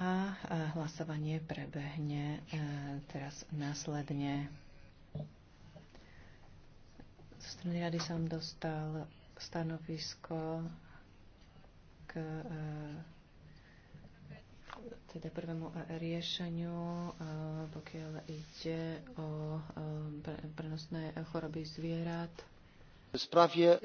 a hlasovanie prebehne e, teraz následne. Z strany rady som dostal stanovisko k e, teda prvému e, riešeniu, pokiaľ ide o prenosné choroby zvierat. Spravie...